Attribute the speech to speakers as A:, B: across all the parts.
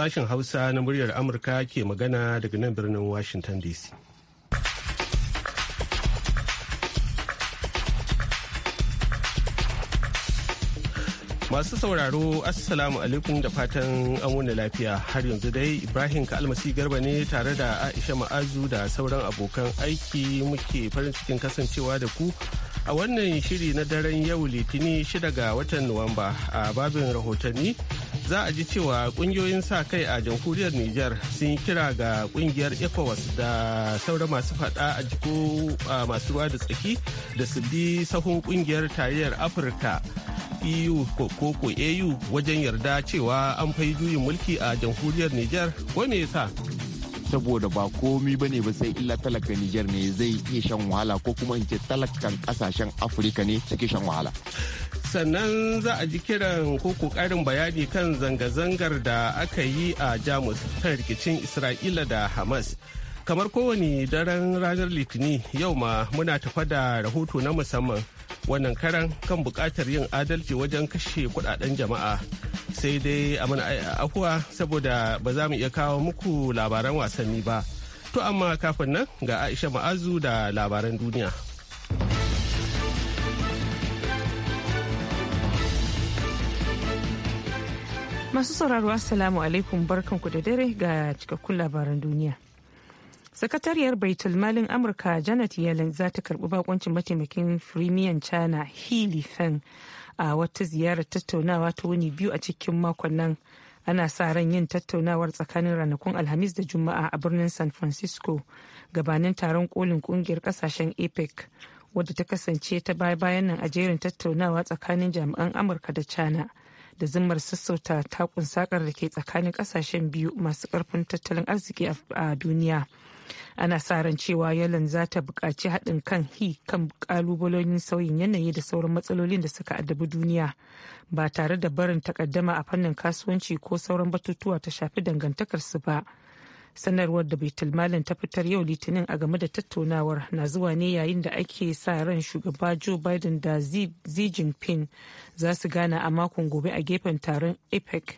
A: Sashen Hausa na muryar Amurka ke magana daga nan birnin Washington DC. Masu sauraro Assalamu alaikum da fatan an wuni lafiya har yanzu dai Ibrahim Kalmasi Garba ne tare da Aisha Ma'azu da sauran abokan aiki muke farin cikin kasancewa da ku a wannan shiri na daren yau litini shida ga watan Nuwamba a babin rahotanni za a ji cewa kungiyoyin sa kai a jamhuriyar Nijar sun yi kira ga kungiyar ECOWAS da sauran masu fada a jiko masu ruwa da tsaki da su bi sahun kungiyar tarayyar Afirka EU ko ko AU wajen yarda cewa an fai juyin mulki a jamhuriyar Nijar ko me yasa? saboda ba komi bane ba sai illa talaka Nijar ne zai iya shan wahala ko kuma in ce talakan kasashen Afirka ne suke shan wahala. sannan za a ji kiran ko karin bayani kan zanga-zangar da aka yi a jamus kan rikicin isra'ila da hamas kamar kowane daren ranar litini yau ma muna tafa da rahoto na musamman wannan karan kan bukatar yin adalci wajen kashe kudaden jama'a sai dai a mana afuwa saboda ba za mu iya kawo muku labaran wasanni ba to amma kafin nan ga aisha ma'azu da labaran duniya
B: Masu sauraro Assalamu alaikum barkanku da dare ga cikakkun labaran duniya. Sakatariyar Baitul Malin Amurka Janet Yellen za ta karbi bakoncin mataimakin Firimiyan China Healy Feng a wata ziyarar tattaunawa ta wuni biyu a cikin makon nan. Ana sa ran yin tattaunawar tsakanin ranakun Alhamis da Juma'a a birnin San Francisco gabanin taron kolin kungiyar kasashen APEC wadda ta kasance ta baya-bayan nan a jerin tattaunawa tsakanin jami'an Amurka da China. da zimmar sassauta takun sakar da ke tsakanin kasashen biyu masu karfin tattalin arziki a duniya ana sa ran cewa yalan za ta buƙaci haɗin kan hi kan ƙalubalolin sauyin yanayi da sauran matsalolin da suka addabi duniya ba tare da barin takaddama a fannin kasuwanci ko sauran batutuwa ta shafi dangantakarsu ba sanarwar da malin ta fitar yau litinin a game da tattaunawar na zuwa ne yayin da ake sa ran shugaba joe biden da xi jinping za su gana a makon gobe a gefen taron apec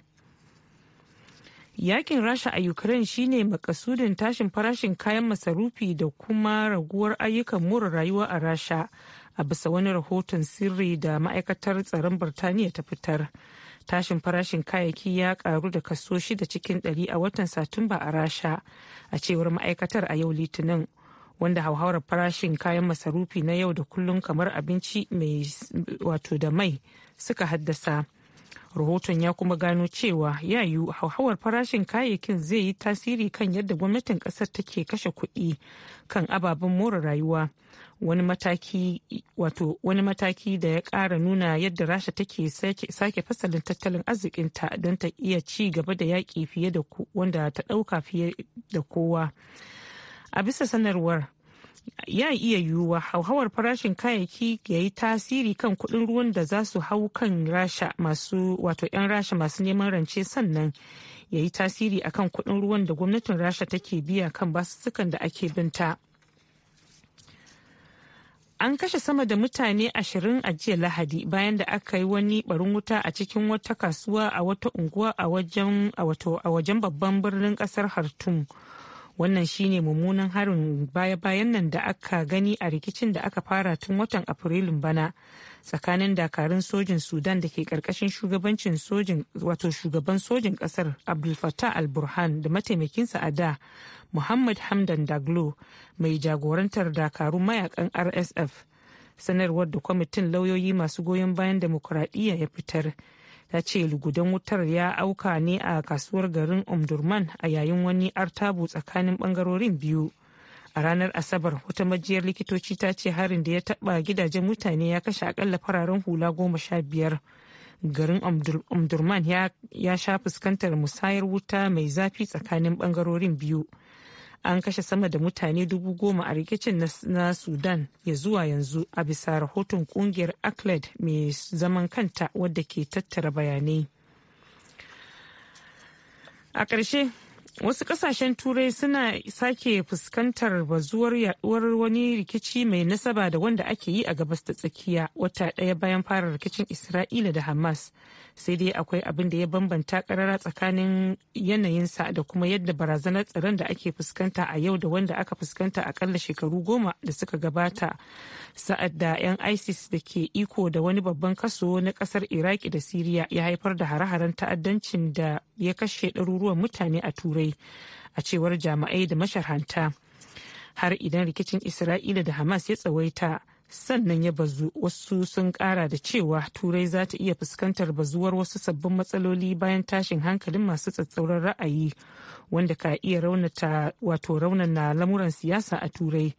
B: yakin rasha a ukraine shine makasudin tashin farashin kayan masarufi da kuma raguwar ayyukan more rayuwa a rasha a bisa wani rahoton sirri da ma'aikatar tsaron birtaniya ta fitar tashin farashin kayayyaki ya karu da kaso shida cikin ɗari a watan satumba a rasha a cewar ma'aikatar a yau litinin wanda hauhawar farashin kayan masarufi na yau da kullum kamar abinci mai wato da mai suka haddasa rahoton ya kuma gano cewa ya yi hauhawar farashin kayayyakin zai yi tasiri kan yadda gwamnatin kasar take kashe kuɗi kan ababen more rayuwa wani mataki wato wani mataki da ya ƙara nuna yadda rasha take sake fasalin tattalin arzikinta don ta iya ci gaba da yaƙi fiye da wanda ta ɗauka fiye da kowa a bisa sanarwar ya iya yiwuwa hauhawar farashin kayayyaki ya yi tasiri kan kuɗin ruwan da za su hau kan rasha masu wato 'yan rasha masu neman rance sannan ya yi tasiri a kan kuɗin ruwan da gwamnatin rasha take biya kan basussukan da ake binta an kashe sama da mutane ashirin a jiya lahadi bayan da aka yi wani barin wuta a cikin wata kasuwa a wata unguwa a wajen babban birnin kasar hartum wannan shine mummunan harin baya-bayan nan da aka gani a rikicin da aka fara tun watan afrilun bana tsakanin dakarun sojin sudan da ke karkashin shugabancin sojin wato shugaban sojin kasar abdul fattah al-burhan da mataimakinsa a da muhammad hamdan daglo mai jagorantar dakarun mayakan rsf sanarwar da kwamitin lauyoyi masu goyon bayan demokuraɗiyya ya fitar ta ce lugudan wutar ya auka ne a kasuwar garin omdurman a yayin wani artabu tsakanin bangarorin biyu a ranar asabar wata majiyar likitoci ta ce harin da ya taba gidajen mutane ya kashe akalla fararen hula goma sha biyar garin omdurman ya sha fuskantar musayar wuta mai zafi tsakanin bangarorin biyu an kashe sama da mutane dubu goma a rikicin na sudan ya zuwa yanzu a bisa rahoton kungiyar acled mai zaman kanta wadda ke tattara bayanai a ƙarshe wasu ƙasashen turai suna sake fuskantar bazuwar yaduwar wani rikici mai nasaba da wanda ake yi a gabas ta tsakiya wata ɗaya bayan fara rikicin isra'ila da hamas sai dai akwai abin da ya bambanta karara tsakanin yanayinsa da kuma yadda barazanar tsaron da ake fuskanta a yau da wanda aka fuskanta akalla shekaru goma da suka gabata sa'ad da 'yan isis da ke iko da wani babban kaso na kasar iraki da siriya ya haifar da hare-haren ta'addancin da ya kashe ɗaruruwan mutane a turai a cewar jami'ai da masharhanta har idan rikicin isra'ila da hamas ya tsawaita sannan ya bazu wasu sun kara da cewa turai za ta iya fuskantar bazuwar wasu sabbin matsaloli bayan tashin hankalin masu tsatsauran ra'ayi wanda ka iya raunata wato na lamuran siyasa a turai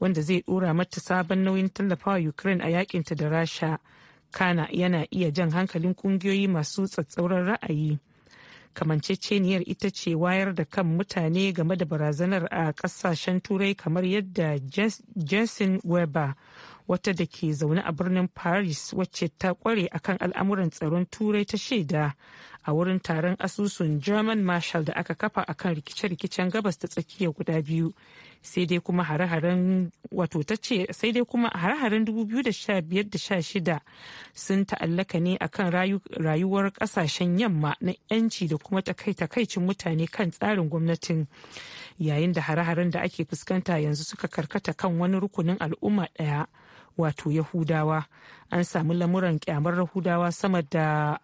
B: wanda zai dora mata sabon nauyin tallafawa ukraine a yakinta da rasha kana yana iya jan hankalin kungiyoyi masu tsatsauran ra'ayi kamanceceniyar ita ce wayar da kan mutane game da barazanar a kasashen turai kamar yadda jason weber wata da ke zaune a birnin paris wacce ta kware akan al'amuran tsaron turai ta shaida a wurin taron asusun german marshal da aka kafa akan rikice-rikicen gabas ta tsakiya guda biyu sai dai kuma hare-haren wato ta sai dai kuma hare-haren 2015-16 sun ta'allaka ne akan rayuwar kasashen yamma na yanci da kuma takaicin mutane kan tsarin gwamnatin yayin da hare-haren da ake fuskanta yanzu suka karkata kan wani rukunin al'umma daya wato yahudawa an samu lamuran kyamar yahudawa sama da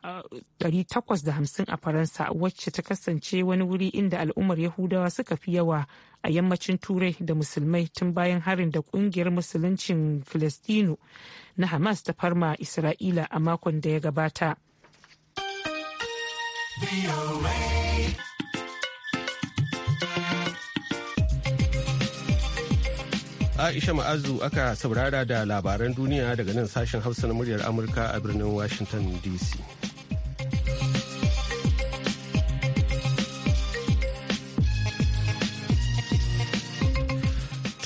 B: 850 uh, a faransa wacce ta kasance wani wuri inda al'ummar yahudawa suka fi yawa a yammacin turai da musulmai tun bayan harin da kungiyar musuluncin filistino na hamas ta farma isra'ila a makon da ya gabata.
A: Aisha Ma'azu aka saurara da labaran duniya daga nan sashen Hausa na muryar Amurka a birnin Washington DC.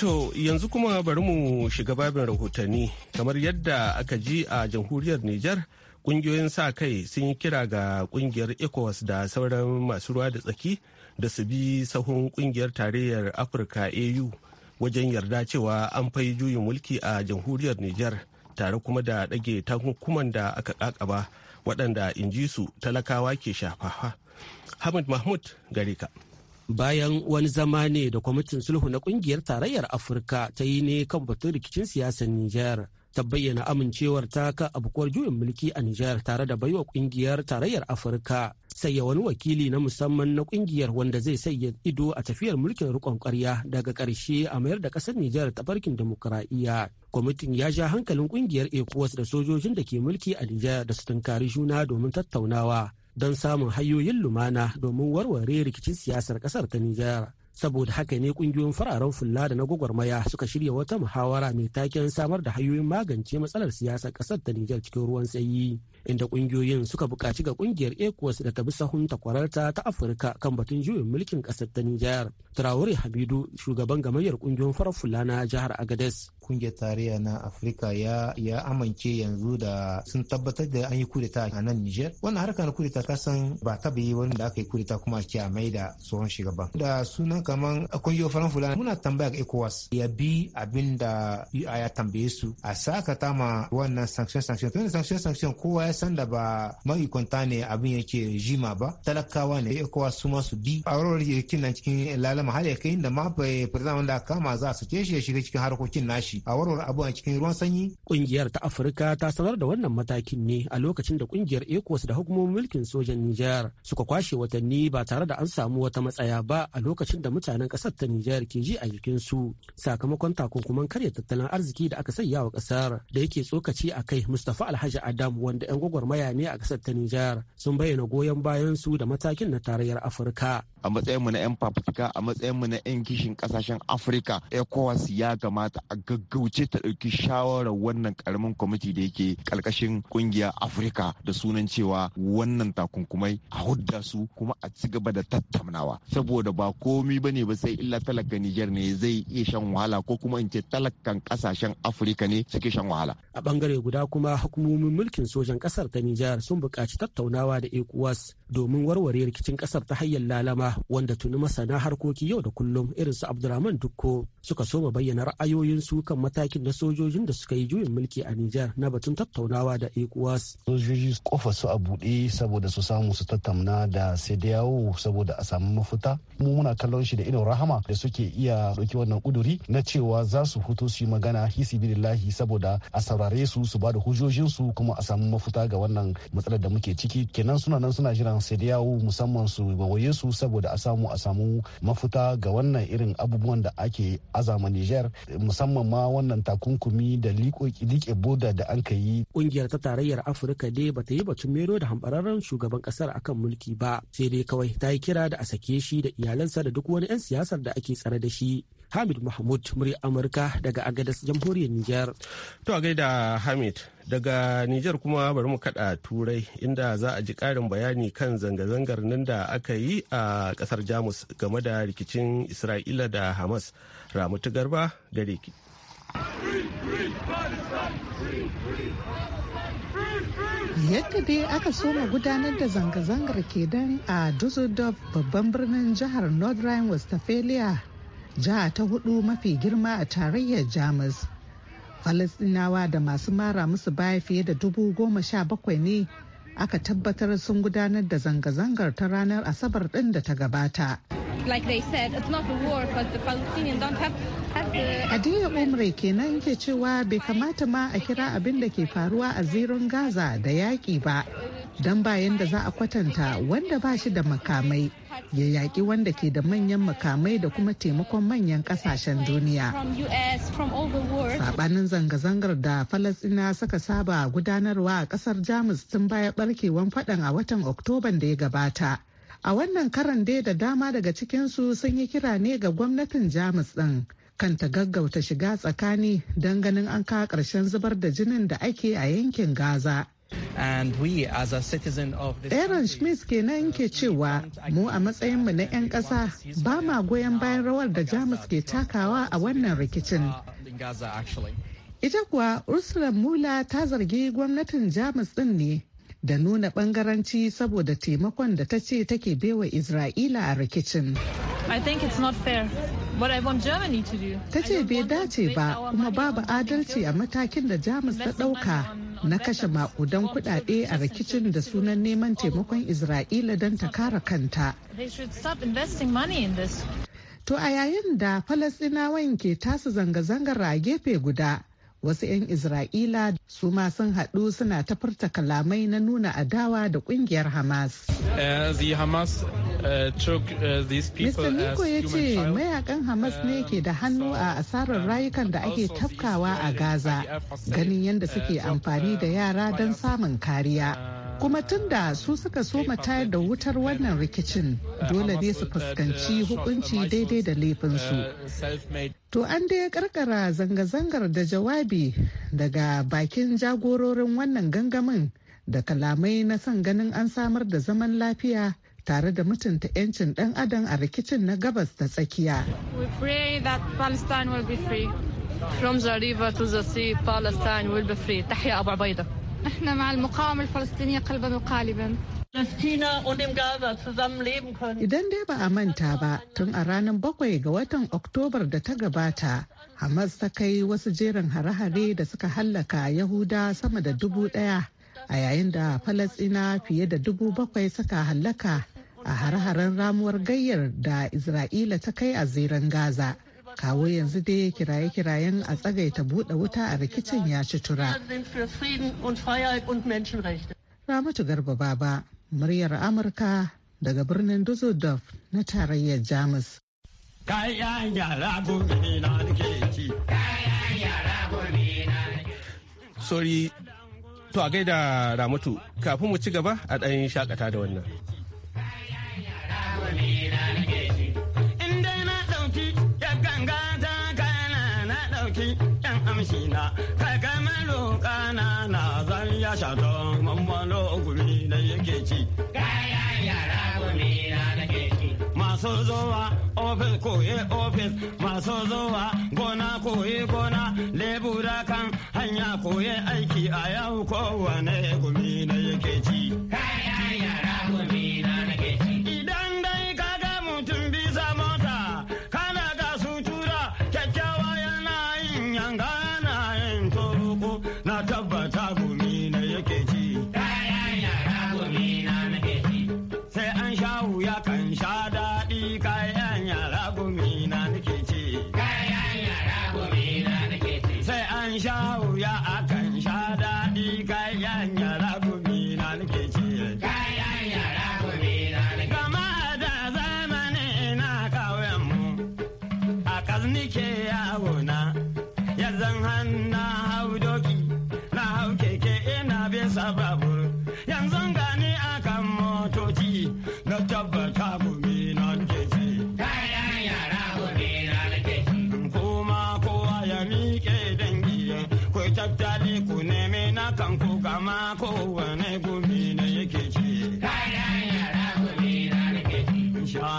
A: To yanzu kuma bari mu shiga babin rahotanni kamar yadda aka ji a jamhuriyar Nijar kungiyoyin sa kai sun yi kira ga kungiyar ECOWAS da sauran masu ruwa da tsaki da su bi sahun kungiyar tarayyar Afirka AU. wajen yarda cewa an fai juyin mulki a jamhuriyar Nijar tare kuma da ɗage takunkuman da aka ƙaƙaba waɗanda inji su talakawa ke shafafa.
C: Hamid Mahmud Gareka. Bayan wani zama ne da kwamitin sulhu na ƙungiyar tarayyar Afirka ta yi ne kan batun rikicin siyasar Nijar. ta bayyana amincewar ta ka abokuwar juyin mulki a Nijar tare da baiwa kungiyar tarayyar Afirka sayya wani wakili na musamman na kungiyar wanda zai sayya ido a tafiyar mulkin rikon ƙarya daga ƙarshe a mayar da ƙasar Nijar ta barkin demokuraɗiyya. Kwamitin ya ja hankalin kungiyar ECOWAS da sojojin da ke mulki a Nijar da su tunkari juna domin tattaunawa don samun hayoyin lumana domin warware rikicin siyasar ƙasar ta Nijar. saboda haka ne kungiyoyin fararen fulla da na gwagwarmaya suka shirya wata muhawara mai taken samar da hanyoyin magance matsalar siyasar kasar ta Nijar cikin ruwan sanyi inda kungiyoyin suka buƙaci ga kungiyar ECOWAS da ta bi sahun takwararta ta Afirka kan batun juyin mulkin kasar ta Nijar. Traore habidu shugaban gamayyar kungiyoyin farar fulla na jihar Agadez. Kungiyar tarayya na Afirka ya ya amince yanzu da sun tabbatar da an yi kudeta a nan Nijar. Wannan harka na kudeta kasan ba ta wani wanda aka yi kudeta kuma a maida tsohon shugaban. Da sunan kaman kungiyoyin faran fulani muna tambaya ga ECOWAS ya bi abin da ya tambaye su a sakata ma wannan sanction sanction tunda sanction sanction kowa ya san da ba kwanta ne abin yake jima ba talakawa ne ECOWAS su ma su bi a rawar yakin nan cikin lalama har ya kai inda ma firzan wanda kama za su ce shi ya shiga cikin harkokin nashi a warware abu a cikin ruwan sanyi. Kungiyar ta Afirka ta sanar da wannan matakin ne a lokacin da kungiyar ECOWAS da hukumomin mulkin sojan Nijar suka kwashe watanni ba tare da an samu wata matsaya ba a lokacin da mutanen kasar ta Nijar ke ji a jikin su sakamakon takunkuman karya tattalin arziki da aka sanya wa kasar da yake tsokaci a kai Mustapha Alhaji Adam wanda 'yan gwagwarmaya ne a kasar ta Nijar sun bayyana goyon bayan su da matakin na tarayyar Afirka.
A: A matsayin mu na 'yan fafutuka a matsayin mu na 'yan kishin kasashen Afirka ECOWAS ya gamata a gaggauce ta ɗauki shawarar wannan karamin kwamiti da yake ƙarƙashin ƙungiyar Afirka da sunan cewa wannan takunkumai a hudda su kuma a ci gaba da tattaunawa saboda ba komi ba ne ba sai illa talaka Nijar ne zai iya shan wahala ko kuma in ce talakan kasashen Afirka ne suke shan wahala.
C: A bangare guda kuma hukumomin mulkin sojan kasar ta Nijar sun buƙaci tattaunawa da ECOWAS domin warware rikicin kasar ta hanyar lalama wanda tuni masana harkoki yau da kullum irin su Abdulrahman Dukko suka soma bayyana ra'ayoyinsu kan matakin na sojojin da suka yi juyin mulki a Nijar na batun
D: tattaunawa da ECOWAS. Sojoji kofa su a buɗe saboda su samu su tattauna da yawo saboda a samu mafuta Mu muna kallon shi da idon rahama da suke iya ɗauki wannan kuduri na cewa za su fito su yi magana hisi bidillahi saboda a saurare su su ba da hujjojinsu kuma a samu mafuta ga wannan matsalar da muke ciki kenan suna nan suna jiran kasashen yawo musamman su bawaye su saboda a samu a samu mafuta ga wannan irin abubuwan da ake azama niger musamman ma wannan takunkumi da liƙe boda da an yi.
C: ƙungiyar ta tarayyar afirka dai bata yi batun mero da hambararren shugaban ƙasar akan mulki ba sai dai kawai ta yi kira da a sake shi da iyalansa da duk wani 'yan siyasar da ake tsare da shi Hamid Mahmud murya Amurka daga Agadas jamhuriyar Nijar. To a gaida Hamid
A: daga Nijar kuma bari mu kada turai inda za a ji karin bayani kan zanga-zangar nan da aka yi a kasar Jamus game da rikicin Isra'ila da Hamas. Ramutu Garba da riki.
E: yadda dai aka soma gudanar da zanga-zangar kedan a dusseldorf babban birnin jihar north rhine-westphalia jiha ta hudu mafi girma a tarayyar jamus falastinawa da masu mara musu baya fiye da dubu goma sha bakwai ne aka tabbatar sun gudanar da zanga-zangar ta ranar asabar din da ta gabata Adiya Umri kenan ke cewa bai kamata ma a kira abin da ke faruwa a zirin Gaza da yaƙi ba, don bayan da za a kwatanta wanda ba shi da makamai ya yaƙi wanda ke da manyan makamai da kuma taimakon manyan ƙasashen duniya. Saɓanin zanga-zangar da falasina suka saba gudanarwa a ƙasar Jamus tun baya ɓarkewan faɗan a watan Oktoban da ya gabata. A wannan karan dai da dama daga cikinsu sun yi kira ne ga gwamnatin Jamus ɗin. kan ta gaggauta shiga tsakani don ganin an kawo ƙarshen zubar da jinin da ake a yankin Gaza. Aaron Smith kenan ke cewa mu a matsayinmu na 'yan ƙasa ba ma goyon bayan rawar da Jamus ke takawa a wannan rikicin. Ita kuwa Ursula Mula ta zargi gwamnatin Jamus ɗin ne da nuna ɓangaranci saboda taimakon da ta ce take baiwa Isra'ila a rikicin.
B: I it's not fair. Ta
E: ce bai dace ba kuma babu adalci a matakin da Jamus ta ɗauka na kashe maƙudan kuɗaɗe a rikicin da sunan neman taimakon Isra'ila don ta kare kanta. To a yayin da Falasɗinawan ke tasu zanga-zangar a gefe guda, wasu 'yan isra'ila su ma sun haɗu suna ta kalamai na nuna adawa da ƙungiyar hamas
F: mr
G: uh, uh, niko ya ce
E: mayakan hamas ne ke da hannu a uh, asarar rayukan da ake tafkawa a gaza ganin yadda suke amfani da yara don samun kariya kuma tunda su suka so tayar da wutar wannan rikicin dole ne su fuskanci hukunci daidai da laifinsu to an dai karkara zanga-zangar da jawabi daga bakin jagororin wannan gangamin da kalamai na son ganin an samar da zaman lafiya tare da mutunta 'yancin ɗan adam a rikicin na gabas da tsakiya.
B: From the river to the sea, Palestine will be free. Tahya Abu Baida. احنا مع المقاومه الفلسطينيه قلبا وقالبا Idan
E: dai ba a manta ba tun a ranar bakwai ga watan Oktobar da ta gabata, Hamas ta kai wasu jerin hare-hare da suka hallaka Yahuda sama da dubu daya a yayin da Falasina fiye da dubu bakwai suka hallaka a hare-haren ramuwar gayyar da Isra'ila ta kai a zirin Gaza. kawo yanzu dai kiraye-kirayen a tsagaita buɗe wuta a rikicin ya ci tura. Ramatu Garba Baba, muryar Amurka daga birnin Düsseldorf na tarayyar Jamus.
H: Kayan
E: Sorry,
A: to a gaida Ramatu, kafin mu ci gaba a ɗan shakata da wannan.
H: Kayan yara gobe na nake ci. sarki yan amshina kaga malo kana na zan ya shato mammalo gumi na yake ci kaya yara gumi na nake ci masu zowa ofis koye ofis masu zowa gona koye gona lebura kan hanya koye aiki a yau kowane gumi na yake ci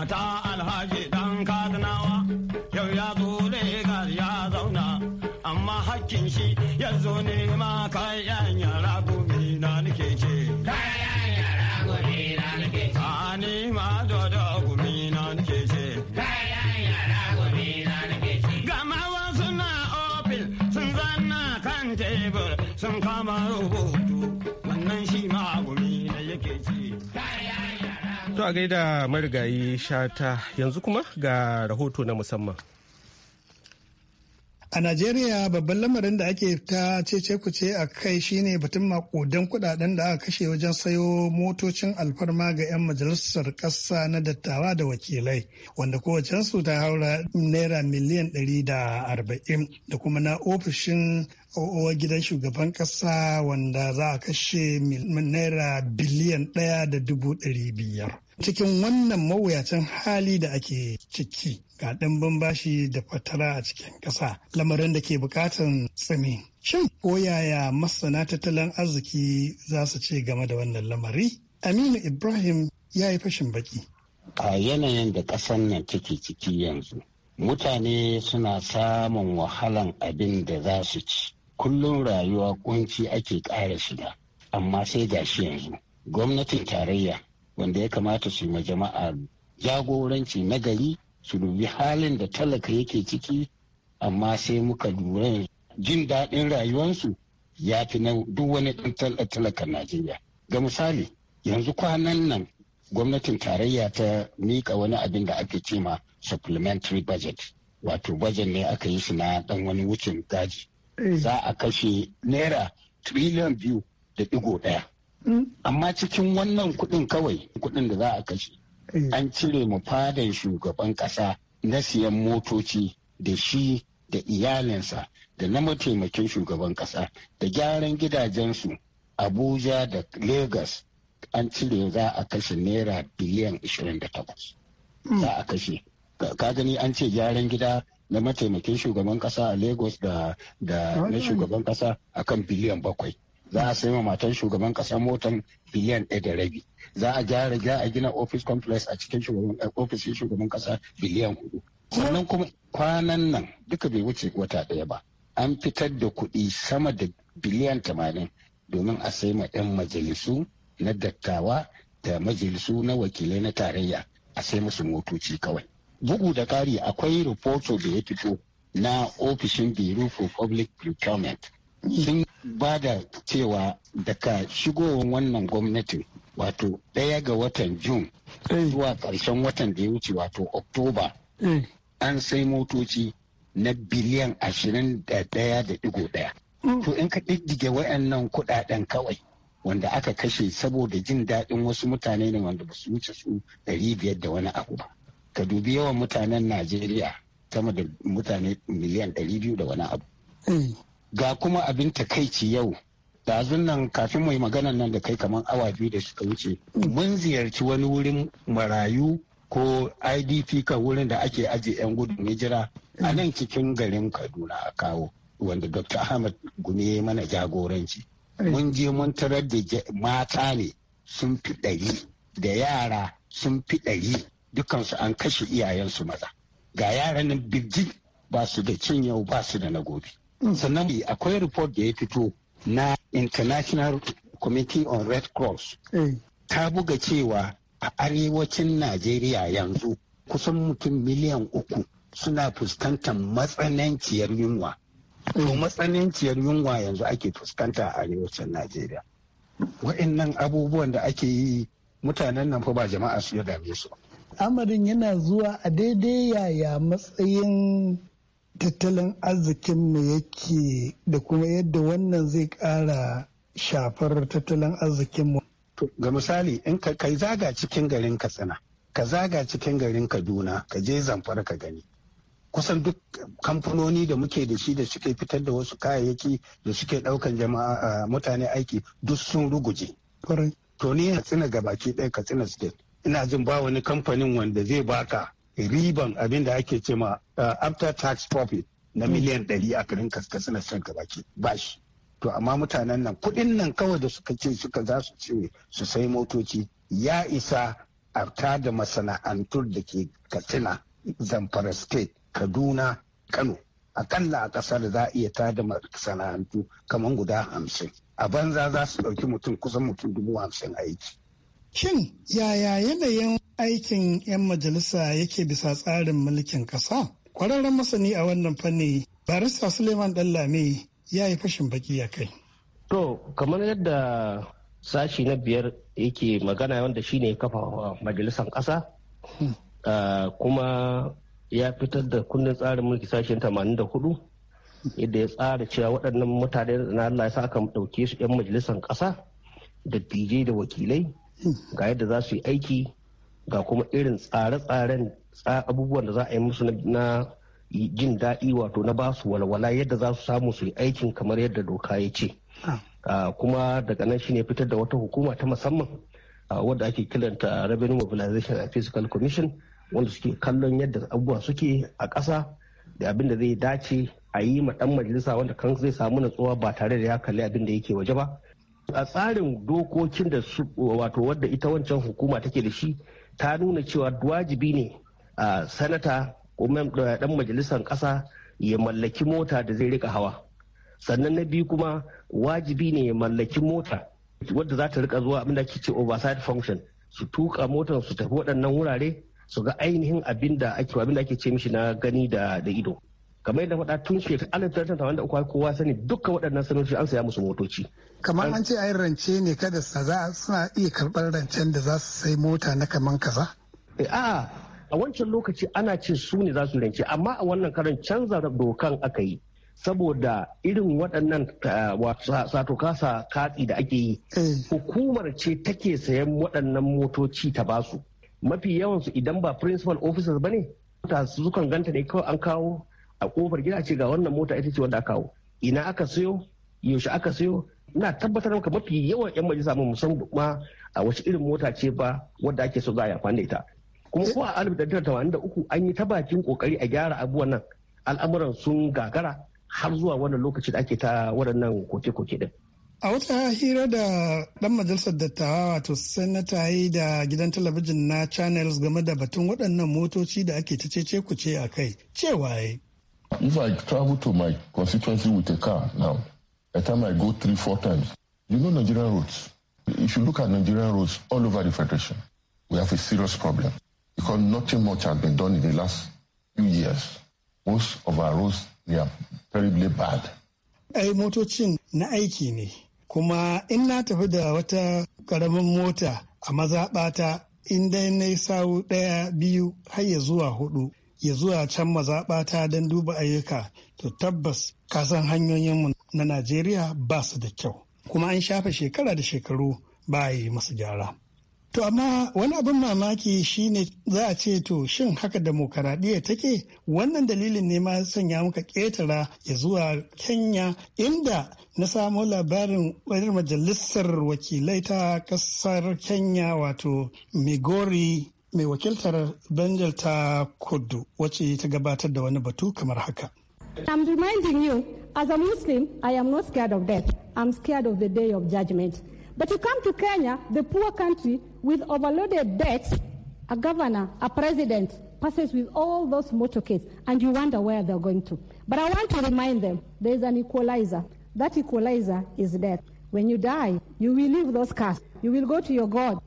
H: ta alhaji dan kadinawa yau ya zo Legas ya zauna amma hakkin shi ya zo nema kayan na ce. na ma
C: Kayan
H: yara gumi na nake ce. sun zana kan tebur sun kama rubutu wannan shi ma gumi na yake ce.
A: To a gaida marigayi shata yanzu kuma ga rahoto na musamman.
G: A Najeriya babban lamarin da ake ta cece kuce a kai shine batun makudan kudaden da aka kashe wajen sayo motocin alfarma ga 'yan majalisar kasa na dattawa da wakilai wanda kowacensu ta haura naira miliyan 140 da kuma na ofishin uwar gidan shugaban kasa wanda za a kashe naira biliyan ɗaya da dubu biyar. cikin wannan mawuyacin hali da ake ciki ga ɗimbin bashi da fatara a cikin ƙasa lamarin da ke buƙatan tsimi. Shin ko yaya masana tattalin arziki za su ce game da wannan lamari? Aminu Ibrahim ya yi fashin baki.
F: A yanayin da ƙasar nan take ciki yanzu, mutane suna samun wahalan abin da za su ci. Kullum rayuwa kunci ake ƙara shiga, amma sai gashi yanzu. Gwamnatin tarayya wanda ya kamata su yi ma jama'a jagoranci nagari su dubi halin da talaka yake ciki amma sai muka lura jin daɗin rayuwarsu ya fi na duk wani ɗan talakan Najeriya. Ga misali, yanzu kwanan nan gwamnatin tarayya ta miƙa wani abin da ake ce ma supplementary budget, wato budget ne aka yi su na ɗan wani wucin gaji. Eh. Za a kashe naira triliyan biyu da ɗigo ɗaya. amma cikin wannan kuɗin kawai kuɗin da za a kashe eh. an cire mu fadan shugaban ƙasa na siyan motoci da shi da iyalinsa da na mataimakin shugaban ƙasa da gyaran gidajensu abuja da lagos an cire za a kashe naira biliyan 28 hmm. za a kashe ka gani an ce gyaran gida na mataimakin shugaban kasa a lagos da na shugaban kasa akan biliyan bakwai za a sai ma matan shugaban kasa motan biliyan ɗaya da rabi za a gyara za a gina office complex a cikin shugaban eh, ofisin shugaban kasa biliyan hudu sannan kuma kwanan nan duka bai wuce wata ɗaya ba an fitar da kuɗi sama da biliyan tamanin domin a sai ma ɗan majalisu na dattawa da majalisu na wakilai na tarayya a sai musu motoci kawai bugu da ƙari akwai rahoto da ya fito na ofishin bureau for public procurement sun ba da cewa daga shigowar wannan gwamnati wato ɗaya ga watan jun eh. zuwa ƙarshen watan da ya wuce wato oktoba eh. an sai motoci na biliyan ashirin da ɗaya da ɗigo ɗaya mm. to in ka ɗiddige wayannan kuɗaɗen kawai wanda aka kashe saboda jin daɗin wasu mutane ne wanda ba su wuce su ɗari biyar da wani abu ba ka dubi yawan mutanen najeriya sama da mutane miliyan ɗari biyu da wani abu eh. ga kuma abin takaici yau dazun nan kafin mai magana maganan nan da kai kamar awa biyu da suka wuce mun ziyarci wani wurin marayu ko idp ka wurin da ake ajiye 'yan gudun hijira a nan cikin garin kaduna a kawo wanda dr ahmad gumi ya mana jagoranci mun je mun tarar da mata ne sun fi ɗari da yara sun fi ɗari dukansu an kashe iyayensu maza ga yaran nan birjik ba su da cin yau ba su da na gobe sannan akwai report da ya fito na international committee on red cross eh. ta buga cewa a arewacin najeriya yanzu kusan mutum miliyan uku suna fuskantar matsananciyar yunwa to eh. matsananciyar yunwa yanzu ake fuskanta a arewacin najeriya wa'annan abubuwan da ake yi mutanen nan fa ba jama'a su ya dame su
G: amarin yana zuwa a daidai yaya matsayin tattalin arzikin mu yake da kuma yadda wannan zai kara
F: shafar tattalin arzikinmu. Ga misali, in ka kai zaga cikin garin Katsina, ka zaga cikin garin Kaduna, ka je zamfara ka gani. Kusan duk kamfanoni da muke da shi da suke fitar da wasu kayayyaki da suke daukan jama'a mutane aiki duk sun ruguje. To ni Katsina baki ɗaya Katsina State. Ina jin ba wani kamfanin wanda zai baka riban abin da ake ce ma uh, after tax profit na hmm. miliyan ɗari a garin kaskasin na shan gabaki ba shi to amma mutanen nan kuɗin nan kawai da suka ce suka za su ce su sai motoci ya isa a da masana'antu da ke katsina zamfara state kaduna kano akalla a ƙasar za a iya tada masana'antu kamar guda hamsin a banza za su ɗauki mutum kusan mutum dubu hamsin aiki
G: Shin yaya yanayin aikin 'yan majalisa yake bisa tsarin mulkin ƙasa? Kwararren masani a wannan fanni, Barista Suleiman Dallame ya yi fashin baki a kai. To, kamar
D: yadda sashi na biyar yake magana wanda shi shine kafa majalisan ƙasa, hmm. kuma ya fitar da kundin tsarin mulki da 84 yadda ya tsara cewa waɗannan mutane na Allah ya sa aka ɗauke su 'yan majalisan ƙasa da da wakilai ga yadda za su yi aiki ga kuma irin tsare-tsaren abubuwan da za a yi musu na jin daɗi wato na basu walwala yadda za su samu su yi aikin kamar yadda doka ya ce ah. Ah, kuma daga nan shine fitar da wata hukuma ta musamman ah, wadda ake kiranta revenue mobilization and fiscal commission wanda suke kallon yadda abubuwa suke a ƙasa da abin da zai dace a yi ma ɗan majalisa wanda kan zai samu natsuwa ba tare da ya kalli abin da yake waje ba a tsarin dokokin da su wato wadda ita wancan hukuma take da shi ta nuna cewa wajibi ne a sanata ko dan majalisar kasa ya mallaki mota da zai rika hawa sannan na biyu kuma wajibi ne ya mallaki mota wadda za ta rika zuwa abinda ake ce oversight function su tuka motar su tafi waɗannan wurare su ga ainihin abin da ake ce mishi na gani da ido kamar yadda faɗa tun shekarar alif tarihin tara da uku kowa sani dukkan waɗannan sanarci an saya musu motoci.
G: kamar an ce ayi rance ne kada suna iya karɓar rancen da za su sai mota na kaman kaza.
D: Eh, a'a a wancan lokaci ana ce su ne za su rance amma a wannan karan canza dokan aka yi saboda irin waɗannan eh, sato kasa katsi da ake yi eh. hukumar ce take sayan waɗannan motoci ta basu mafi yawansu idan ba principal officers ba ne sukan ganta ne kawai an kawo a kofar gida ce ga wannan mota ita ce wanda aka kawo ina aka sayo yaushe aka sayo ina tabbatar maka mafi yawan yan majalisa mu musamman ma a wace irin mota ce ba wadda ake so za a amfani ita kuma ko a 1983 an yi ta bakin kokari a gyara abubuwan nan al'amuran sun gagara har zuwa wannan lokacin da ake ta waɗannan koke-koke din.
G: A wata hira da ɗan majalisar dattawa wato sanata yi da gidan talabijin na channels game da batun waɗannan motoci da ake ta ku ce a kai cewa If I
C: travel to my constituency with a car now, by the time I go three, four times, you know Nigerian roads. If you look at Nigerian roads all over the Federation, we have a serious problem because nothing much has been done in the last few years. Most of our roads,
F: they are terribly bad.
G: Ai motocin na aiki ne, kuma in na tafi da wata ƙaramin mota a mazaɓata in dai na sawu ɗaya biyu har ya zuwa hudu ya zuwa can mazaɓata don duba ayyuka to tabbas kasan hanyoyinmu na najeriya ba su da kyau kuma an shafe shekara da shekaru ba yi masu gyara to amma wani abin mamaki shine za a ce to shin haka demokaradiyya take wannan dalilin ne ma sanya muka ƙetara ya zuwa kenya inda na samo labarin wani majalisar wakilai ta kasar kenya wato migori mai wakiltar bengal ta kudu wacce ta gabatar da wani batu kamar haka
E: I'm reminding you, as a Muslim, I am not scared of death. I'm scared of the day of judgment. But you come to Kenya, the poor country with overloaded debts, a governor, a president passes with all those motorcades, and you wonder where they're going to. But I want to remind them there is an equalizer. That equalizer is death. When you die, you will leave those cars.
G: You will go to your God.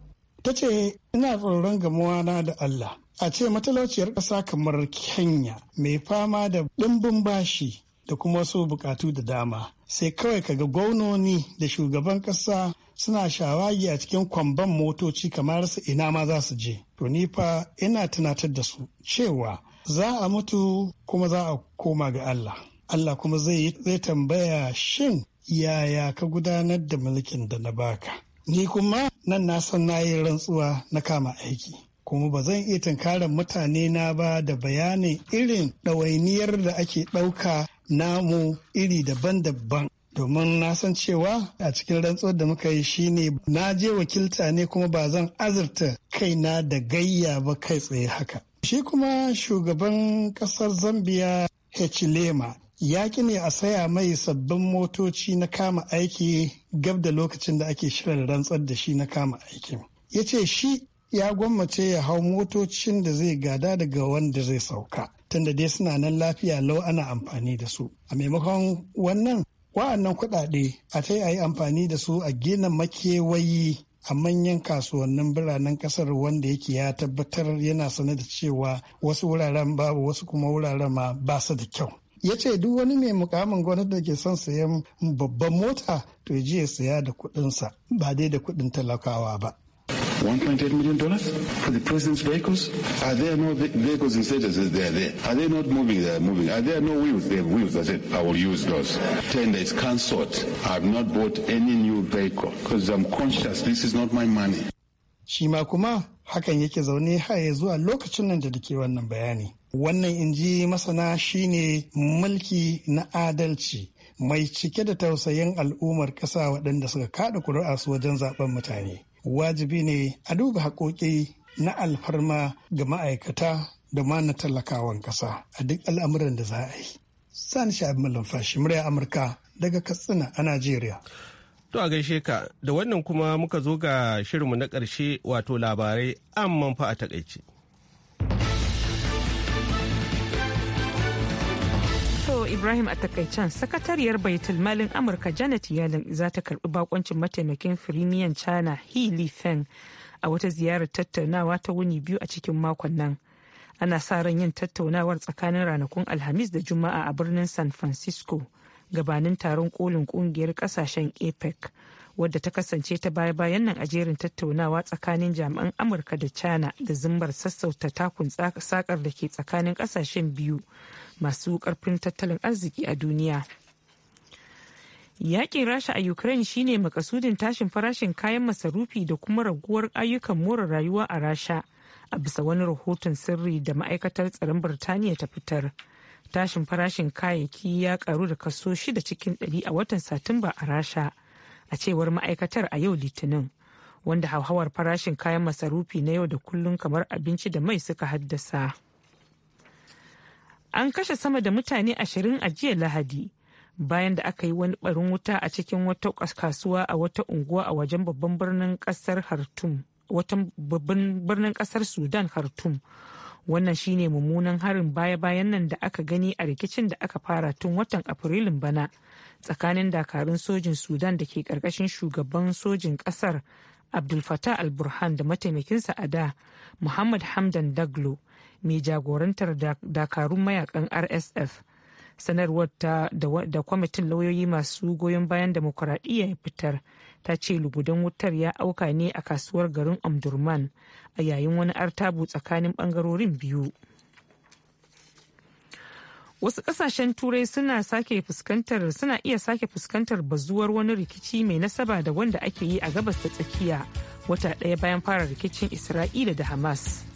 G: ta ce ina tsoron gamuwa na da Allah a ce matalauciyar ƙasa kamar Kenya mai fama da ɗimbin bashi da kuma wasu bukatu da dama sai kawai kaga gwamnoni da shugaban ƙasa suna shawagi a cikin kwamban motoci kamar su ina ma za su je to ni fa ina tunatar da su cewa za a mutu kuma za a koma ga Allah Allah kuma zai tambaya shin yaya ka gudanar da mulkin da na baka Ni kuma nan na san na yi rantsuwa na kama aiki. kuma ba zan iya tunkarar mutane na ba da bayanin irin ɗawainiyar da ake ɗauka namu iri daban-daban domin na san cewa a cikin rantsuwar da muka yi shine na je wakilta ne kuma ba zan azurta kaina da gayya ba kai tsaye haka shi kuma shugaban kasar zambia hechilema ya ƙi ne a saya mai sabbin motoci na kama aiki gab da lokacin da ake shirin rantsar da shi na kama aikin ya ce shi ya gwammace ya hau motocin da zai gada daga wanda zai sauka tunda dai suna nan lafiya lau ana amfani da su a maimakon wannan wa'annan kuɗaɗe a ta yi amfani da su a gina makewayi a manyan kasuwannin biranen kasar wanda yake ya tabbatar yana sane da cewa wasu wuraren babu wasu kuma wuraren ma ba su da kyau ya ce duk wani mai mukamin gwamnati da ke son sayan babban mota to ya je ya saya da kuɗinsa ba dai da kuɗin talakawa ba 1.8 million dollars
F: for the president's vehicles? Are there no vehicles in stages? They are there. Are they not moving? They uh, are moving. Are there no wheels? They have wheels. I said, I will use those. Tender is cancelled. I have not bought any new vehicle because I'm conscious this is not my money.
G: Shi ma kuma hakan yake zaune haye zuwa lokacin nan da dake wannan bayani. Wannan in ji masana shine mulki na adalci mai cike da tausayin al'ummar ƙasa waɗanda suka kaɗa kuri'a su wajen zaben mutane. Wajibi ne a duba haƙoƙi na alfarma ga ma'aikata da ma na talakawan ƙasa a duk al'amuran da za a yi. Sani Sha'ib Malumfashi, murya Amurka daga Katsina a Najeriya.
A: To a gaishe ka, da wannan kuma muka zo ga shirinmu na ƙarshe wato labarai amman fa a takaice.
B: Ibrahim a takaicen sakatariyar baitul malin Amurka Janet Yellen za ta karbi bakoncin mataimakin firimiyan China He Li Feng a wata ziyarar tattaunawa ta wuni biyu a cikin makon nan. Ana sa ran yin tattaunawar tsakanin ranakun Alhamis da Juma'a a birnin San Francisco gabanin taron kolin kungiyar kasashen APEC wadda ta kasance ta baya-bayan nan a jerin tattaunawa tsakanin jami'an Amurka da China da zumbar sassauta takun sakar da ke tsakanin kasashen biyu. masu karfin tattalin arziki a duniya Yaƙin rasha a ukraine shine makasudin tashin farashin kayan masarufi da kuma raguwar ayyukan more rayuwa a rasha a bisa wani rahoton sirri da ma'aikatar tsaron birtaniya ta fitar tashin farashin kayayyaki ya karu da kaso shida cikin ɗari a watan satumba a rasha a cewar ma'aikatar a yau litinin wanda hauhawar farashin kayan masarufi na yau da kullum kamar abinci da mai suka haddasa. an kashe sama da mutane ashirin a jiya lahadi bayan da aka yi wani barin wuta a cikin wata kasuwa a wata unguwa a wajen babban birnin kasar hartum wata babban birnin kasar sudan hartum wannan shine mummunan harin baya-bayan nan da aka gani a rikicin da aka fara tun watan afrilun bana tsakanin dakarun sojin sudan da ke karkashin shugaban sojin kasar abdulfatah alburhan al da mataimakinsa a da muhammad hamdan daglo mai jagorantar dakarun mayakan rsf sanarwar ta da kwamitin lauyoyi masu goyon bayan demokuraɗiyya ya fitar ta ce lugudan wutar ya auka ne a kasuwar garin omdurman a yayin wani artabu tsakanin bangarorin biyu wasu kasashen turai suna sake fuskantar suna iya sake fuskantar bazuwar wani rikici mai nasaba da wanda ake yi a gabas ta tsakiya wata ɗaya bayan fara rikicin isra'ila da hamas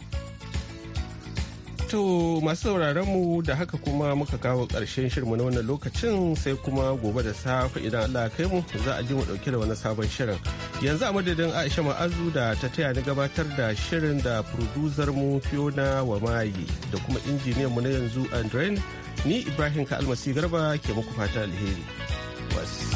A: To masu sauraron mu da haka kuma muka kawo ƙarshen shirmu na wannan lokacin sai kuma gobe da safe idan Allah kai mu za a ji mu ɗauke da wani sabon shirin. Yanzu a madadin Aisha Ma'azu da ta taya ni gabatar da shirin da producer mu Fiona Wamayi da kuma injiniyan mu na yanzu Andrein ni Ibrahim Ka Almasi Garba ke muku fata alheri. Wasu.